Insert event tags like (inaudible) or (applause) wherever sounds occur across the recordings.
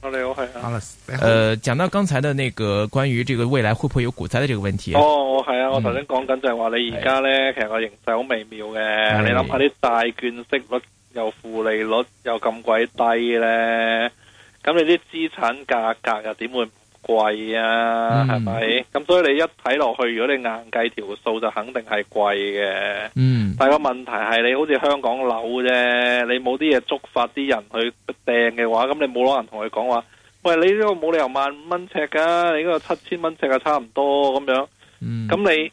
我哋好係啊，誒、呃，講到剛才的那個關於這個未來會不會有股災嘅這個問題，哦，係啊，我頭先講緊就係話你而家咧，嗯、其實個形勢好微妙嘅，啊、你諗下啲債券息率又負利率又咁鬼低咧，咁你啲資產價格又點會？貴啊，係咪？咁所以你一睇落去，如果你硬計條數，就肯定係貴嘅。嗯，但個問題係，你好似香港樓啫，你冇啲嘢觸發啲人去掟嘅話，咁你冇攞人同佢講話，喂，你呢個冇理由萬五蚊尺噶，你呢個七千蚊尺啊，差唔多咁樣。嗯，咁你，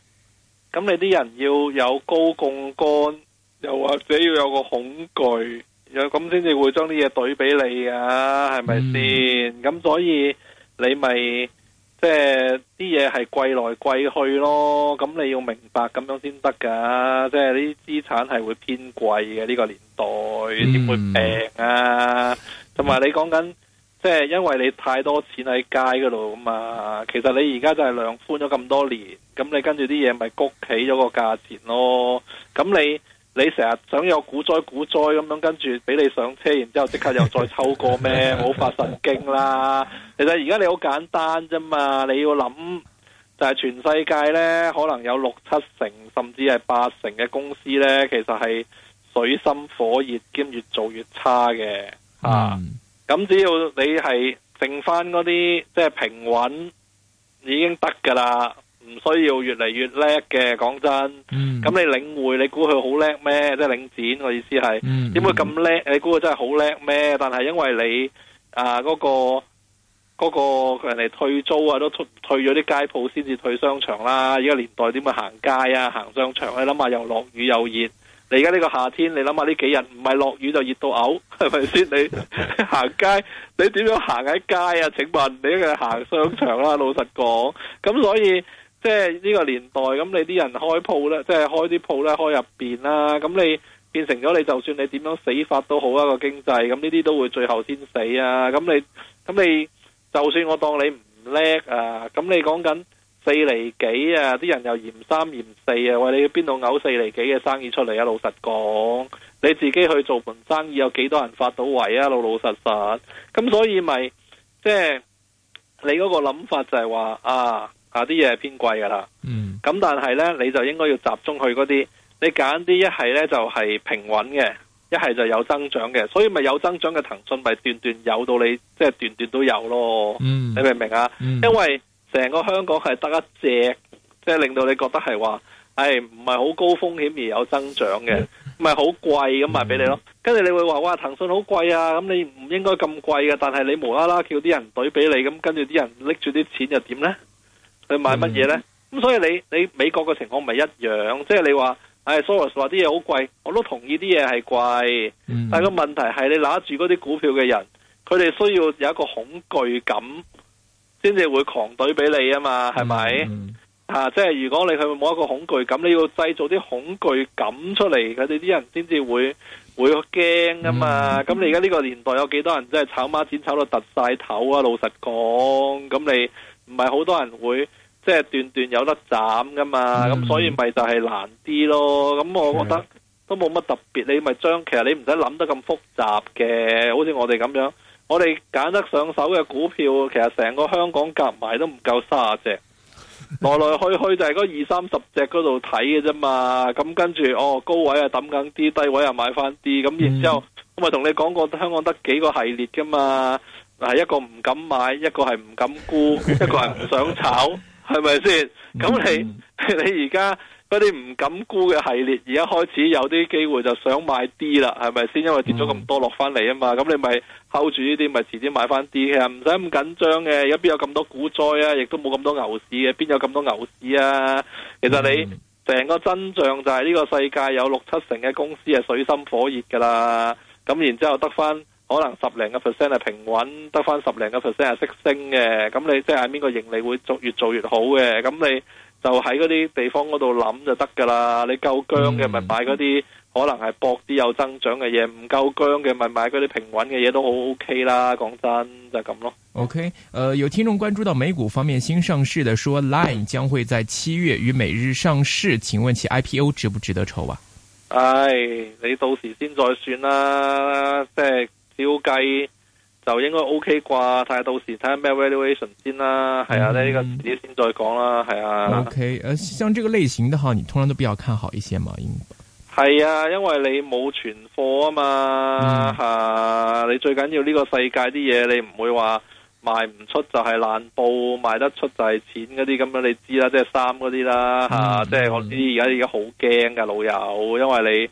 咁你啲人要有高槓桿，又或者要有個恐懼，又咁先至會將啲嘢懟俾你噶，係咪先？咁所以。你咪即係啲嘢，係貴來貴去咯，咁你要明白咁樣先得噶。即係呢啲資產係會偏貴嘅呢個年代，點會平啊？同埋、嗯、你講緊即係因為你太多錢喺街嗰度嘛，其實你而家就係量寬咗咁多年，咁你跟住啲嘢咪谷起咗個價錢咯。咁你。你成日想有股災股災咁樣，跟住俾你上車，然之後即刻又再抽過咩？咪發神經啦！其實而家你好簡單啫嘛，你要諗就係、是、全世界呢，可能有六七成甚至係八成嘅公司呢，其實係水深火熱兼越做越差嘅啊！咁、嗯、只要你係剩翻嗰啲即係平穩，已經得㗎啦。唔需要越嚟越叻嘅，講真。咁、嗯、你領會，你估佢好叻咩？即、就、係、是、領展我意思係，點、嗯嗯、會咁叻？你估佢真係好叻咩？但係因為你啊，嗰、呃嗰個嗰、嗰個人哋退租啊，都退咗啲街鋪先至退商場啦。而家年代點會行街啊？行商場？你諗下又落雨又熱。你而家呢個夏天，你諗下呢幾日唔係落雨就熱到嘔，係咪先？ (laughs) 你行街，你點樣行喺街啊？請問你係行商場啦，老實講。咁所以。即係呢個年代，咁你啲人開鋪呢，即係開啲鋪呢，開入邊啦。咁你變成咗你，就算你點樣死法都好啊，個經濟，咁呢啲都會最後先死啊。咁你咁你，就算我當你唔叻啊，咁你講緊四厘幾啊，啲人又嫌三嫌四啊。喂，你要邊度嘔四厘幾嘅生意出嚟啊？老實講，你自己去做盤生意，有幾多人發到圍啊？老老實實，咁所以咪、就是、即係你嗰個諗法就係話啊。啊！啲嘢偏貴噶啦，咁、嗯、但係咧，你就應該要集中去嗰啲，你揀啲一係咧就係、是、平穩嘅，一係就有增長嘅，所以咪有增長嘅騰訊咪段段有到你，即係段段都有咯。嗯、你明唔明啊？嗯、因為成個香港係得一隻，即、就、係、是、令到你覺得係話，誒唔係好高風險而有增長嘅，咪好貴咁咪俾你咯。跟住你會話哇，騰訊好貴啊！咁你唔應該咁貴嘅，但係你無啦啦叫啲人隊俾你，咁跟住啲人拎住啲錢又點咧？佢買乜嘢呢？咁、嗯、所以你你美國嘅情況唔係一樣，即、就、係、是、你話，唉 Soros 話啲嘢好貴，我都同意啲嘢係貴，嗯、但係個問題係你拿住嗰啲股票嘅人，佢哋需要有一個恐懼感，先至會狂懟俾你啊嘛，係咪？嗯嗯、啊，即、就、係、是、如果你佢冇一個恐懼感，你要製造啲恐懼感出嚟，佢哋啲人先至會會驚啊嘛。咁、嗯嗯、你而家呢個年代有幾多人真係炒孖展炒到突晒頭啊？老實講，咁你。唔係好多人會即係斷斷有得斬噶嘛，咁、嗯、所以咪就係難啲咯。咁我覺得都冇乜特別，你咪將其實你唔使諗得咁複雜嘅。好似我哋咁樣，我哋揀得上手嘅股票，其實成個香港夾埋都唔夠三十隻， (laughs) 來來去去就係嗰二三十隻嗰度睇嘅啫嘛。咁跟住哦，高位啊抌緊啲，低位啊買翻啲，咁然之後、嗯、我咪同你講過，香港得幾個系列噶嘛。係一個唔敢買，一個係唔敢沽， (laughs) 一個係唔想炒，係咪先？咁你、嗯、你而家嗰啲唔敢沽嘅系列，而家開始有啲機會就想買啲啦，係咪先？因為跌咗咁多落翻嚟啊嘛，咁、嗯、你咪 hold 住呢啲，咪遲啲買翻啲啊，唔使咁緊張嘅。而家邊有咁多股災啊？亦都冇咁多牛市嘅、啊，邊有咁多牛市啊？其實你成個真相就係呢個世界有六七成嘅公司係水深火熱噶啦，咁然之後得翻。可能十零個 percent 係平穩，得翻十零個 percent 係息升嘅，咁你即係邊個盈利會做越做越好嘅，咁你就喺嗰啲地方嗰度諗就得噶啦。你夠薑嘅咪買嗰啲可能係博啲有增長嘅嘢，唔、嗯、夠薑嘅咪買嗰啲平穩嘅嘢都好 OK 啦。講真就係、是、咁咯。OK，誒、呃，有聽眾關注到美股方面新上市嘅說 Line 將會在七月於美日上市，請問其 IPO 值不值得抽啊？唉、哎，你到時先再算啦，即係。照計就應該 OK 啩，睇下到時睇下咩 valuation 先啦，係、嗯、啊，呢個遲啲先再講啦，係啊。O K，誒，像這個類型嘅話，你通常都比較看好一些嘛？係啊，因為你冇存貨啊嘛，吓、嗯啊，你最緊要呢個世界啲嘢，你唔會話賣唔出就係爛布，賣得出就係錢嗰啲咁樣，你知、就是、啦，即係衫嗰啲啦，吓、啊，即係我呢而家而家好驚嘅老友，因為你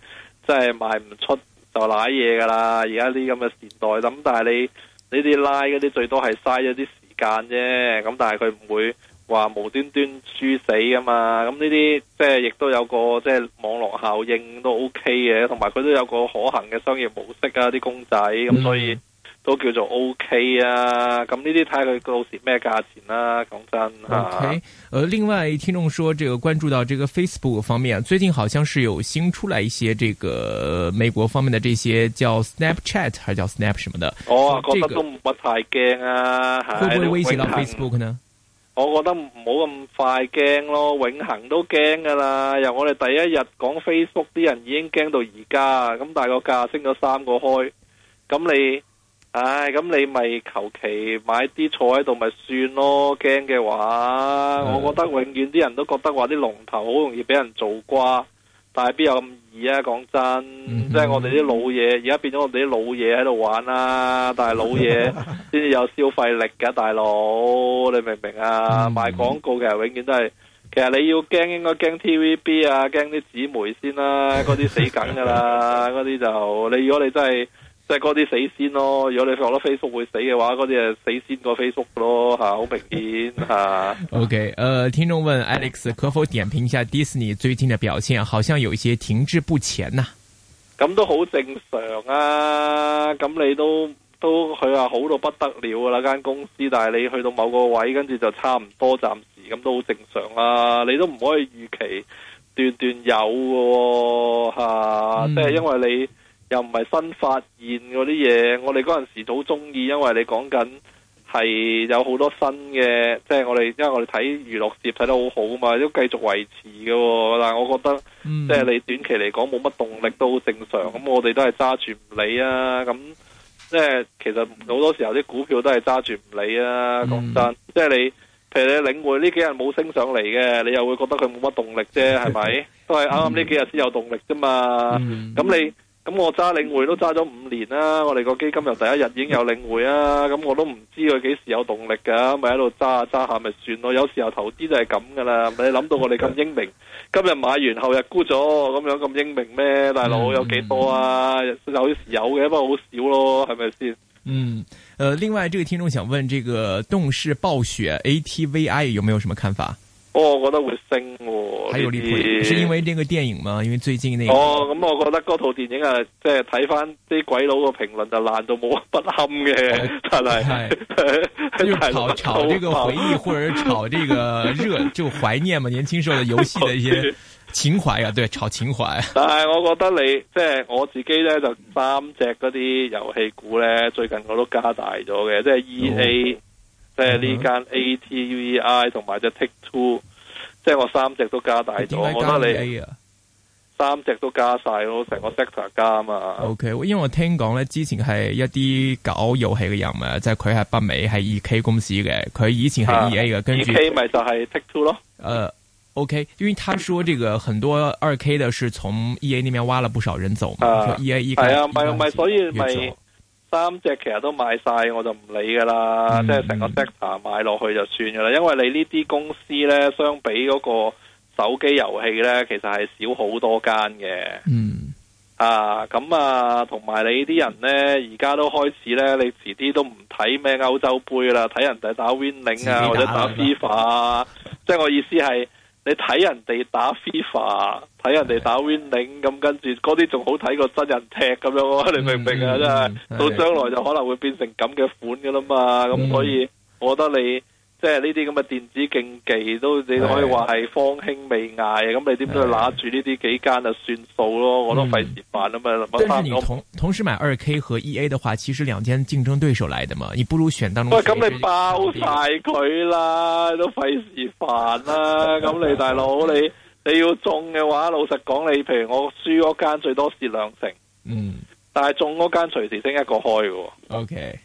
真係賣唔出。就攋嘢噶啦，而家啲咁嘅時代，咁但係你呢啲拉嗰啲最多係嘥咗啲時間啫，咁但係佢唔會話無端端輸死㗎嘛，咁呢啲即係亦都有個即係網絡效應都 OK 嘅，同埋佢都有個可行嘅商業模式啊，啲公仔，咁所以。 (music) 都叫做 O、OK、K 啊，咁呢啲睇佢到時咩價錢啦、啊。講真，O、okay. K、呃。另外聽眾說，這個關注到這個 Facebook 方面，最近好像是有新出來一些這個美國方面的這些叫 Snapchat 還是叫 Snap 什麼的。我啊、呃、覺得都唔乜太驚啊，會唔會威脅到 Facebook 呢？會會呢我覺得唔好咁快驚咯，永恆都驚㗎啦。由我哋第一日講 Facebook 啲人已經驚到而家，咁大係個價升咗三個開，咁你？唉，咁你咪求其買啲坐喺度咪算咯，驚嘅話，我覺得永遠啲人都覺得話啲龍頭好容易俾人做瓜，但係邊有咁易啊？講真，即係、嗯、我哋啲老嘢，而家變咗我哋啲老嘢喺度玩啦、啊，但係老嘢先至有消費力噶、啊，大佬，你明唔明啊？嗯、賣廣告嘅永遠都係，其實你要驚，應該驚 TVB 啊，驚啲姊妹先啦、啊，嗰啲死梗噶啦，嗰啲 (laughs) 就，你如果你真係。即係嗰啲死先咯，如果你覺得 Facebook 會死嘅話，嗰啲係死先過 Facebook 咯，吓、啊、好明顯吓。啊、 (laughs) OK，誒、呃，聽眾問 Alex 可否點評一下 Disney 最近嘅表現，好像有一些停滯不前呐、啊。咁都好正常啊，咁你都都佢話好到不得了啦，間公司，但係你去到某個位，跟住就差唔多暫時咁都好正常啊，你都唔可以預期斷斷有嘅、哦，吓、啊嗯、即係因為你。又唔係新發現嗰啲嘢，我哋嗰陣時都好中意，因為你講緊係有好多新嘅，即係我哋因為我哋睇娛樂事業睇得好好啊嘛，都繼續維持嘅哦。但係我覺得即係你短期嚟講冇乜動力都好正常。咁我哋都係揸住唔理啊。咁即係其實好多時候啲股票都係揸住唔理啊。嗯，講真，即係你譬如你領匯呢幾日冇升上嚟嘅，你又會覺得佢冇乜動力啫？係咪？都係啱啱呢幾日先有動力啫嘛。嗯，咁你。咁我揸領匯都揸咗五年啦，我哋個基金又第一日已經有領匯啊！咁我都唔知佢幾時有動力噶，咪喺度揸下揸下咪算咯。有時候投資就係咁噶啦，你諗到我哋咁英明，今日買完後日沽咗咁樣咁英明咩？大佬有幾多啊？有有嘅，不過好少咯，係咪先？嗯，誒，另外，這個聽眾想問，這個動視暴雪 ATVI 有沒有什麼看法？哦，我覺得會升喎。哦，係，有是因為呢個電影嘛，因為最近那個，哦、咁、嗯、我覺得嗰套電影啊，即係睇翻啲鬼佬個評論就爛到冇不堪嘅，係咪？就炒炒呢個回憶，或者炒呢個熱， (laughs) 就懷念嘛，年輕時候嘅遊戲嘅一些情懷啊，對，炒情懷。哦、 (laughs) 但係我覺得你即係我自己咧，就三隻嗰啲遊戲股咧，最近我都加大咗嘅，即係 E A。 (laughs) 即係呢間 ATVI 同埋隻 Take Two，即係我三隻都加大咗，加我得你 A 啊，三隻都加晒咯，成個 sector 加啊嘛。O、okay, K，因為我聽講咧，之前係一啲搞遊戲嘅人啊，即係佢係北美係二、e、K 公司嘅，佢以前係二、e、A 嘅。跟住二 K 咪就係 Take Two 咯。誒，O K，因為他說這個很多二 K 嘅是從 E A 呢邊挖了不少人走嘛。啊、e A E A 係啊，唔唔咪所以咪。三隻其實都買晒，我就唔理噶啦，嗯、即係成個 sector 買落去就算噶啦。因為你呢啲公司呢，相比嗰個手機遊戲呢，其實係少好多間嘅。嗯啊，咁啊，同埋你啲人呢，而家都開始呢，你遲啲都唔睇咩歐洲杯啦，睇人哋打 Winning 啊，或者打 FIFA、啊、 (laughs) 即係我意思係。你睇人哋打 FIFA，睇人哋打 Winning 咁的跟住嗰啲仲好睇過真人踢咁樣啊！嗯、你明唔明啊？真係到將來就可能會變成咁嘅款噶啦嘛，咁、嗯、所以我覺得你。即係呢啲咁嘅電子競技都你都可以話係方興未艾啊！咁的你點都要攞住呢啲幾間啊算數咯，嗯、我都費事煩啊嘛。咁，但係你同我同時買二 K 和 EA 嘅話，其實兩間競爭對手嚟嘅嘛，你不如選當中。喂，咁你包晒佢啦，都費事煩啦！咁你大佬，你你要中嘅話，老實講，你譬如我輸嗰間最多蝕兩成。嗯。但係中嗰間隨時升一個開嘅喎。O K。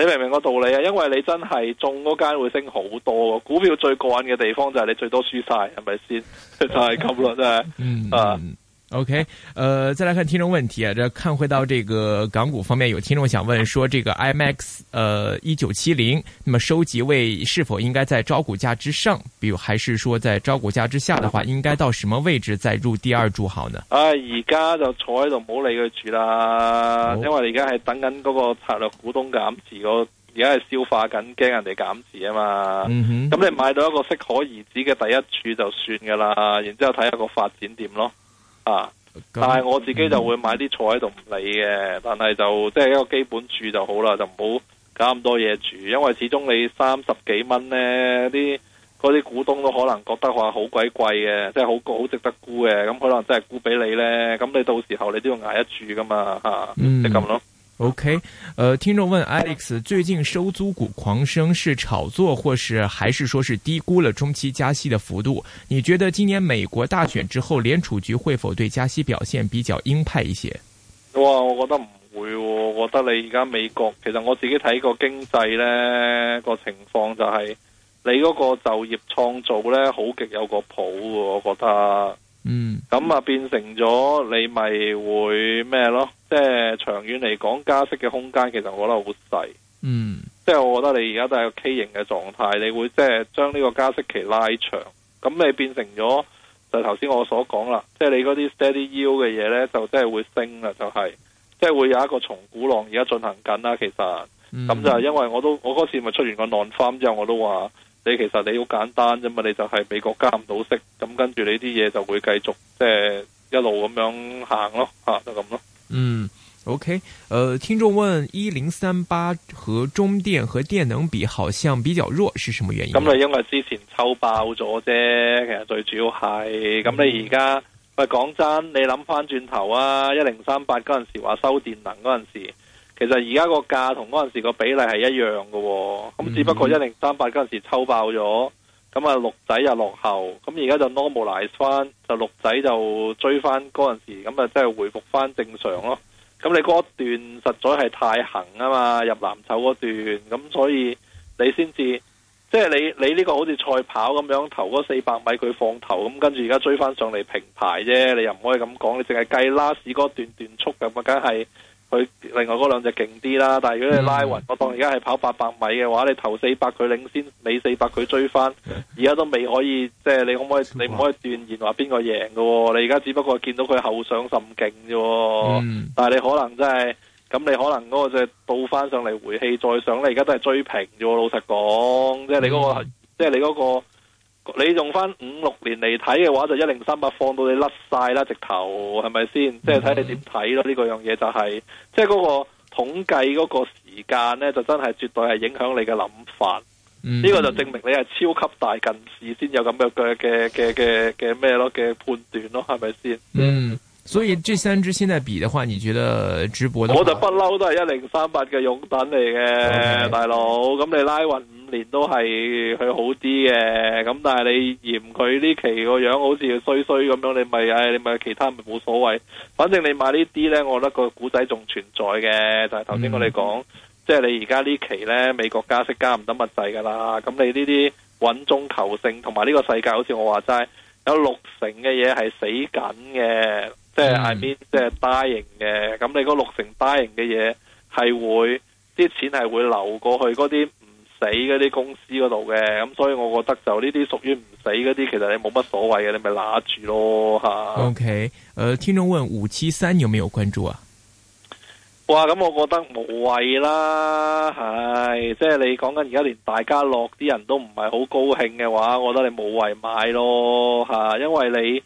你明唔明個道理啊？因為你真係中嗰間會升好多，股票最過癮嘅地方就係你最多輸晒，係咪先？ (laughs) (laughs) 就係咁啦，真係。嗯。OK，誒、呃，再來看聽眾問題啊，這看回到這個港股方面，有聽眾想問說，這個 IMAX，誒、呃，一九七零，那麼收集位是否應該在招股價之上，比如還是說在招股價之下的話，應該到什麼位置再入第二注好呢？啊，而家就坐喺度唔好理佢住啦，因為你而家係等緊嗰個策略股東減持，嗰個而家係消化緊驚人哋減持啊嘛。嗯哼，咁你買到一個適可而止嘅第一注就算噶啦，然之後睇下個發展點咯。啊！但係我自己就會買啲菜喺度唔理嘅。嗯、但係就即係一個基本住就好啦，就唔好搞咁多嘢住，因為始終你三十幾蚊呢啲嗰啲股東都可能覺得話好鬼貴嘅，即係好好值得沽嘅，咁可能真係沽俾你呢，咁你到時候你都要挨得住噶嘛，吓、啊，即係咁咯。O、okay, K，呃，聽眾問 Alex，最近收租股狂升是炒作，或是還是說是低估了中期加息的幅度？你覺得今年美國大選之後，聯儲局會否對加息表現比較鷹派一些？我我覺得唔會、喎，我覺得你而家美國，其實我自己睇個經濟呢個情況就係、是、你嗰個就業創造呢，好極有個譜、喎，我覺得。嗯，咁啊變成咗你咪會咩咯？即係長遠嚟講，加息嘅空間其實我覺得好細。嗯，即係我覺得你而家都係個 K 型嘅狀態，你會即係將呢個加息期拉長，咁你變成咗就頭、是、先我所講啦，即係你嗰啲 steady yield 嘅嘢咧，就即係會升啦，就係、是、即係會有一個從鼓浪而家進行緊啦。其實，咁、嗯、就係因為我都我嗰時咪出現個 non-farm 之後我都話。你其實你好簡單啫嘛，你就係美國加唔到息，咁跟住你啲嘢就會繼續即係、就是、一路咁樣行咯，吓、啊、就咁咯。嗯，OK，誒、呃，聽眾問一零三八和中電和電能比，好像比較弱，是什麼原因？咁啊，因為之前抽爆咗啫，其實最主要係咁。你而家、嗯、喂，講真，你諗翻轉頭啊，一零三八嗰陣時話收電能嗰陣時。其實而家個價同嗰陣時個比例係一樣嘅、哦，咁只不過一零三八嗰陣時抽爆咗，咁啊鹿仔又落後，咁而家就 normalize 翻，就鹿仔就追翻嗰陣時，咁啊即係回復翻正常咯。咁你嗰段實在係太行啊嘛，入藍籌嗰段，咁所以你先至即係你你呢個好似賽跑咁樣，頭嗰四百米佢放頭，咁跟住而家追翻上嚟平排啫，你又唔可以咁講，你淨係計 last 嗰段段速咁啊，梗係。佢另外嗰兩隻勁啲啦，但係如果你拉勻，我當而家係跑八百米嘅話，你頭四百佢領先，尾四百佢追翻，而家都未可以，即係你可唔可以？你唔可以斷言話邊個贏嘅喎，你而家只不過見到佢後上甚勁啫喎。嗯、但係你可能真係咁，你可能嗰個就倒翻上嚟回氣再上，你而家都係追平啫。老實講，即係你嗰、嗰個，嗯、即係你、嗰個。你用翻五六年嚟睇嘅話，就一零三八放到你甩曬啦，直頭係咪先？即係睇你點睇咯，呢個樣嘢就係，即係嗰個統計嗰個時間咧，就真係絕對係影響你嘅諗法。呢、嗯、個就證明你係超級大近視先有咁嘅嘅嘅嘅嘅咩咯？嘅判斷咯，係咪先？嗯，所以呢三支現在比嘅話，你覺得直播我就不嬲都係一零三八嘅擁躉嚟嘅，Okay. 大佬，咁你拉勻。年都係佢好啲嘅，咁但係你嫌佢呢期個樣好似衰衰咁樣，你咪唉、哎，你咪其他咪冇所謂。反正你買呢啲呢，我覺得個古仔仲存在嘅。就係頭先我哋講，嗯、即係你而家呢期呢，美國加息加唔得物制噶啦。咁你呢啲穩中求勝，同埋呢個世界好似我話齋，有六成嘅嘢係死緊嘅、嗯，即係邊即係 dying 嘅。咁你個六成 dying 嘅嘢係會啲錢係會流過去嗰啲。死嗰啲公司嗰度嘅，咁所以我覺得就呢啲屬於唔死嗰啲，其實你冇乜所謂嘅，你咪拿住咯吓。OK，誒、呃，聽眾問五七三有冇有關注啊？哇，咁我覺得無謂啦，係即係你講緊而家連大家樂啲人都唔係好高興嘅話，我覺得你冇謂買咯吓，因為你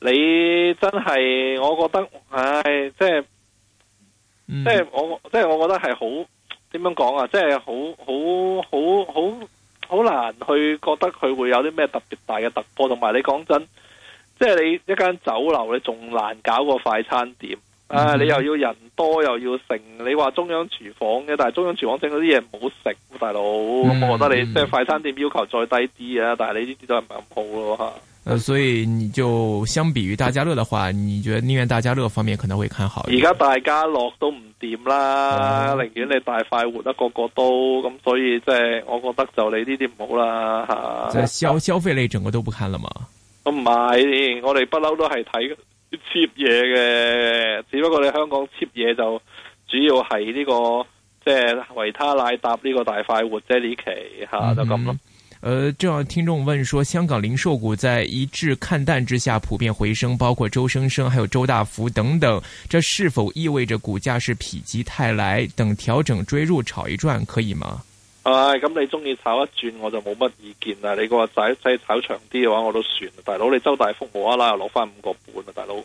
你真係我覺得唉，即係即係我即係我覺得係好。點樣講啊？即係好好好好好難去覺得佢會有啲咩特別大嘅突破，同埋你講真，即係你一間酒樓你仲難搞過快餐店啊！哎 mm hmm. 你又要人多又要盛，你話中央廚房嘅，但係中央廚房整到啲嘢唔好食，大佬咁，mm hmm. 我覺得你即係快餐店要求再低啲啊！但係你呢啲都係唔係咁好咯、啊、吓。所以你就相比於大家樂嘅話，你覺得寧願大家樂方面可能會看好。而家大家樂都唔掂啦，寧願、嗯、你大快活得個個都咁，所以即係我覺得就你呢啲唔好啦吓。即、啊、係消消費類整個都不看了嗎？唔係、啊啊，我哋不嬲都係睇 cheap 嘢嘅，只不過你香港 cheap 嘢就主要係呢個即係維他奶搭呢個大快活啫呢期吓，就咁咯。嗯嗯誒、呃，正好聽眾問說，香港零售股在一致看淡之下普遍回升，包括周生生、還有周大福等等，這是否意味着股價是否極泰來？等調整追入炒一轉可以嗎？唉、啊，咁你中意炒一轉我就冇乜意見啦。你話仔仔炒長啲嘅話，我都算。大佬你周大福冇啦啦又攞翻五個半啊，大佬，嗯、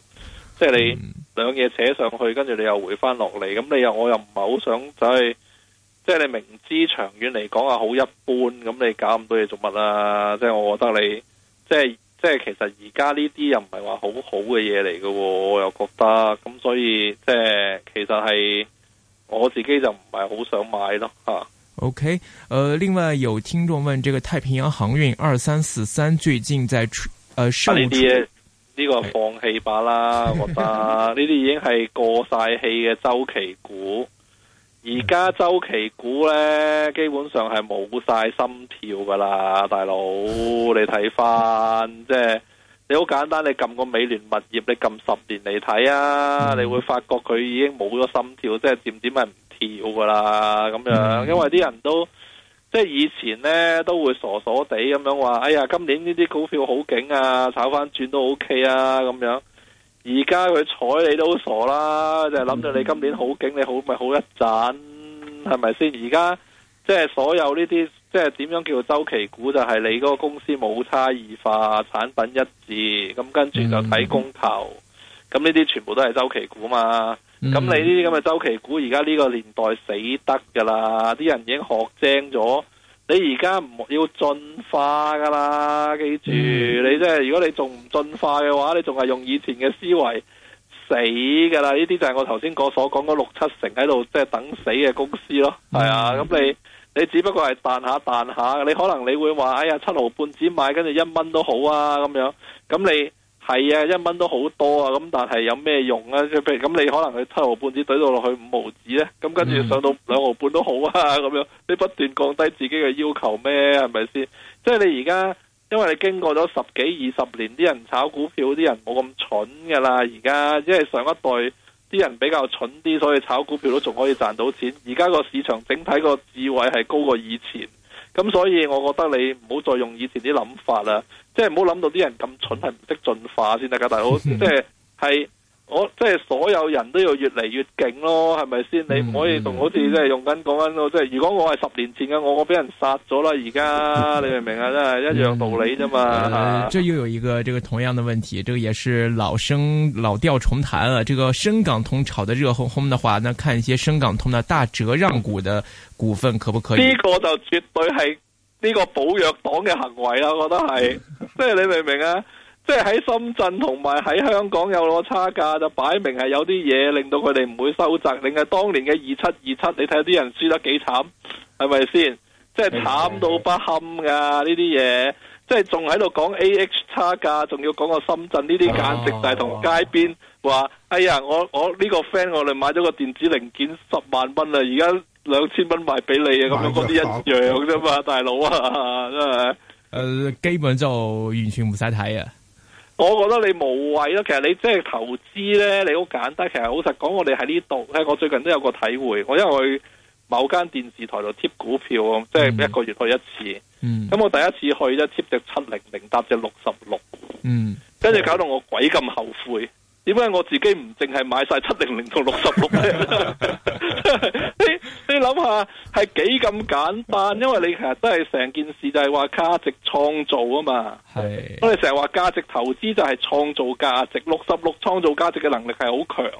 即係你兩嘢扯上去，跟住你又回翻落嚟，咁你又我又唔係好想走去。即係你明知長遠嚟講啊好一般，咁你搞咁多嘢做乜啊？即係我覺得你即係即係其實而家呢啲又唔係話好好嘅嘢嚟嘅，我又覺得咁所以即係其實係我自己就唔係好想買咯吓。啊、OK，誒、呃，另外有聽眾問，這個太平洋航運二三四三最近在、呃、出誒上？呢啲呢個放棄吧啦，哎、我覺得呢啲 (laughs) 已經係過晒氣嘅周期股。而家周期股呢，基本上係冇晒心跳噶啦，大佬。你睇翻即係你好簡單，你撳個美聯物業，你撳十年嚟睇啊，嗯、你會發覺佢已經冇咗心跳，即係點點係唔跳噶啦咁樣。因為啲人都即係以前呢，都會傻傻地咁樣話，哎呀，今年呢啲股票好勁啊，炒翻轉都 OK 啊，咁樣。而家佢睬你都傻啦，就係諗到你今年好景，你好咪好一陣，係咪先？而家即係所有呢啲，即係點樣叫做周期股？就係你嗰個公司冇差異化產品一致，咁跟住就睇供求。咁呢啲全部都係周期股嘛？咁你呢啲咁嘅周期股，而家呢個年代死得噶啦，啲人已經學精咗。你而家唔要進化噶啦，記住、嗯、你即係如果你仲唔進化嘅話，你仲係用以前嘅思維死噶啦。呢啲就係我頭先所講嗰六七成喺度即係等死嘅公司咯，係啊、嗯。咁、嗯、你你只不過係彈下彈下，你可能你會話哎呀七毫半紙買，跟住一蚊都好啊咁樣，咁你。係啊，一蚊都好多啊，咁但係有咩用啊？即係譬如咁，你可能去七毫半紙抵到落去五毫紙咧，咁跟住上到兩毫半都好啊，咁樣你不斷降低自己嘅要求咩？係咪先？即係你而家，因為你經過咗十幾二十年，啲人炒股票啲人冇咁蠢㗎喇，而家因為上一代啲人比較蠢啲，所以炒股票都仲可以賺到錢。而家個市場整體個智慧係高過以前。咁所以，我覺得你唔好再用以前啲諗法啦，即係唔好諗到啲人咁蠢，係唔識進化先得㗎，大佬，即係係。我即係所有人都要越嚟越勁咯，係咪先？你唔可以同好似即係用緊講緊咯。即係、嗯、如果我係十年前嘅我，我俾人殺咗啦。而家你明唔明、嗯嗯、啊？真係一樣道理啫嘛。即這又有一個這個同樣嘅問題，這個也是老生老調重彈啊。呢、這個深港通炒得熱烘烘嘅話，那看一些深港通的大，大折讓股嘅股份可唔可以？呢個就絕對係呢個寶藥黨嘅行為啦，我覺得係，即係你明唔明啊？嗯 (laughs) 即係喺深圳同埋喺香港有攞差價，就擺明係有啲嘢令到佢哋唔會收窄，定係當年嘅二七二七。你睇下啲人輸得幾慘，係咪先？即係慘到不堪噶呢啲嘢，即係仲喺度講 A H 差價，仲要講個深圳呢啲簡直，就係同街邊話：哎呀，我我呢個 friend 我哋買咗個電子零件十萬蚊啊，而家兩千蚊賣俾你啊，咁著樣嗰啲一樣啫嘛，大佬啊，真係，誒、呃，基本上就完全唔使睇啊。我覺得你無謂咯，其實你即係投資呢，你好簡單。其實老實講，我哋喺呢度咧，我最近都有個體會。我因為去某間電視台度貼股票，嗯、即係一個月去一次。咁、嗯、我第一次去咧貼隻七零零搭隻六十六，嗯，跟住搞到我鬼咁後悔。點解我自己唔淨係買晒七零零到六十六咧？ (laughs) (laughs) 諗下係幾咁簡單，因為你其實都係成件事就係話價值創造啊嘛。係我哋成日話價值投資就係創造價值，六十六創造價值嘅能力係好強。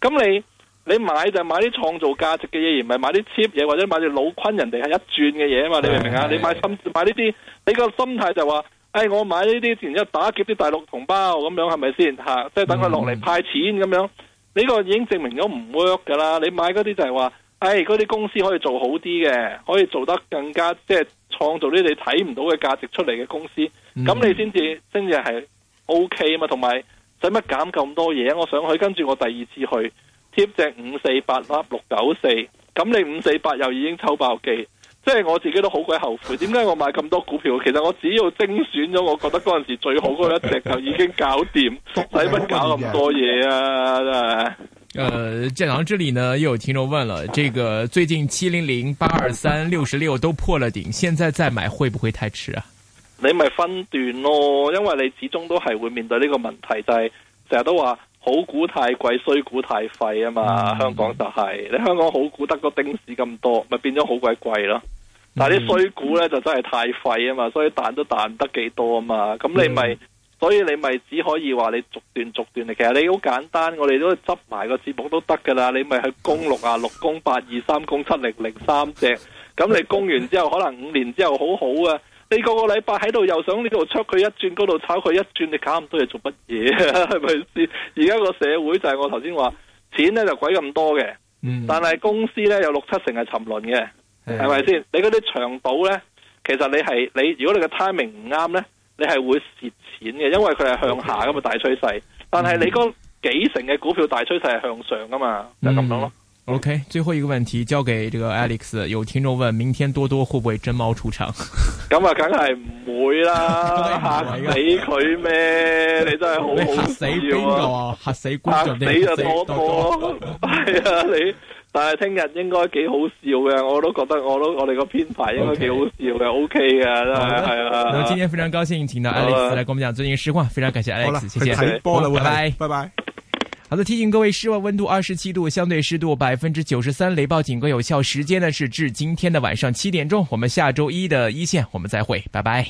咁你你買就買啲創造價值嘅嘢，而唔係買啲 cheap 嘢，或者買啲老坤人哋係一轉嘅嘢啊嘛。你明唔明啊？你買心買呢啲，你個心態就話，誒、哎，我買呢啲，然之後打劫啲大陸同胞咁、就是、樣，係咪先吓？即係等佢落嚟派錢咁樣。呢個已經證明咗唔 work 噶啦。你買嗰啲就係話。係嗰啲公司可以做好啲嘅，可以做得更加即係創造啲你睇唔到嘅價值出嚟嘅公司，咁、嗯、你先至先至係 O K 啊嘛。同埋使乜減咁多嘢，我想去跟住我第二次去貼隻五四八粒六九四，咁你五四八又已經抽爆機，即、就、係、是、我自己都好鬼後悔。點解我買咁多股票？其實我只要精選咗，我覺得嗰陣時最好嗰一隻就已經搞掂，使乜 (laughs) 搞咁多嘢啊？真係。誒，建行這裏呢又有聽眾問了，這個最近七零零八二三六十六都破了頂，現在再買會不會太遲啊？你咪分段咯，因為你始終都係會面對呢個問題，就係成日都話好股太貴，衰股太廢啊嘛。嗯、香港就係、是，你香港好股得個丁士咁多，咪變咗好鬼貴咯。但係啲衰股呢，嗯、就真係太廢啊嘛，所以彈都彈得幾多啊嘛。咁你咪。嗯所以你咪只可以話你逐段逐段嚟，其實你好簡單，我哋都執埋個節目都得噶啦。你咪去供六啊，六供八二三，供七零零三隻。咁你供完之後，可能五年之後好好啊。你個個禮拜喺度又想呢度出佢一轉，嗰度炒佢一轉，你搞咁多嘢做乜嘢？係咪先？而家個社會就係我頭先話，錢咧就鬼咁多嘅，但係公司咧有六七成係沉淪嘅，係咪先？你嗰啲長賭咧，其實你係你，如果你個 timing 唔啱咧。你係會蝕錢嘅，因為佢係向下噶嘛，Okay. 大趨勢，但係你嗰幾成嘅股票大趨勢係向上噶嘛，嗯、就咁樣咯。OK，最後一個問題，交俾這個 Alex。有聽眾問，明天多多會唔會真貓出場？咁啊，梗係唔會啦， (laughs) 嚇死佢咩？ (laughs) (laughs) 你真係好好笑啊！吓 (laughs) 死邊個？吓死你啊！多多，係 (laughs) 啊、哎、你。但係聽日應該幾好笑嘅，我都覺得我都我哋個編排應該幾好笑嘅，OK 嘅真係係啊！的的我今天非常高興請到 Alex 嚟，跟我哋講最近市況，的非常感謝 Alex，的謝謝，好啦，睇波啦，拜拜，拜拜。好的，提醒各位，室外溫度二十七度，相對濕度百分之九十三，雷暴警告有效時間呢是至今天的晚上七點鐘。我們下周一的一線，我們再會，拜拜。